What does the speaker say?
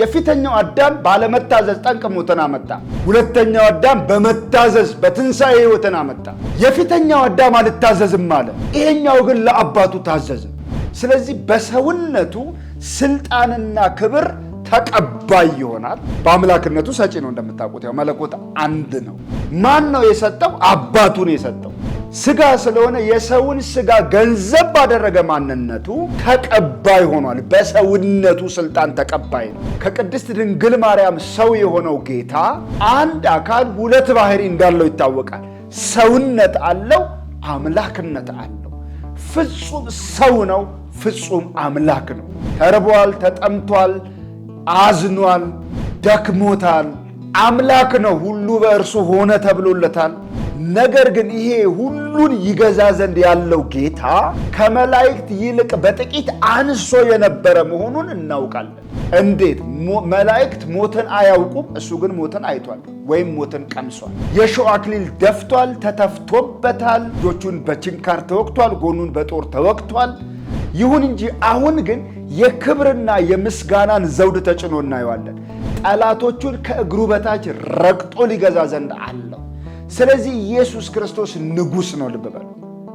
የፊተኛው አዳም ባለመታዘዝ ጠንቅ ሞትን አመጣ። ሁለተኛው አዳም በመታዘዝ በትንሣኤ ሕይወትን አመጣ። የፊተኛው አዳም አልታዘዝም አለ፣ ይሄኛው ግን ለአባቱ ታዘዘ። ስለዚህ በሰውነቱ ስልጣንና ክብር ተቀባይ ይሆናል። በአምላክነቱ ሰጪ ነው። እንደምታውቁት ያው መለኮት አንድ ነው። ማን ነው የሰጠው? አባቱ ነው የሰጠው። ስጋ ስለሆነ የሰውን ስጋ ገንዘብ ባደረገ ማንነቱ ተቀባይ ሆኗል። በሰውነቱ ስልጣን ተቀባይ ነው። ከቅድስት ድንግል ማርያም ሰው የሆነው ጌታ አንድ አካል ሁለት ባህሪ እንዳለው ይታወቃል። ሰውነት አለው፣ አምላክነት አለው። ፍጹም ሰው ነው፣ ፍጹም አምላክ ነው። ተርቧል፣ ተጠምቷል፣ አዝኗል፣ ደክሞታል። አምላክ ነው። ሁሉ በእርሱ ሆነ ተብሎለታል። ነገር ግን ይሄ ሁሉን ይገዛ ዘንድ ያለው ጌታ ከመላእክት ይልቅ በጥቂት አንሶ የነበረ መሆኑን እናውቃለን። እንዴት? መላእክት ሞትን አያውቁም፣ እሱ ግን ሞትን አይቷል ወይም ሞትን ቀምሷል። የሾህ አክሊል ደፍቷል፣ ተተፍቶበታል፣ እጆቹን በችንካር ተወቅቷል፣ ጎኑን በጦር ተወቅቷል። ይሁን እንጂ አሁን ግን የክብርና የምስጋናን ዘውድ ተጭኖ እናየዋለን። ጠላቶቹን ከእግሩ በታች ረግጦ ሊገዛ ዘንድ አለ። ስለዚህ ኢየሱስ ክርስቶስ ንጉሥ ነው። ልብ በሉ።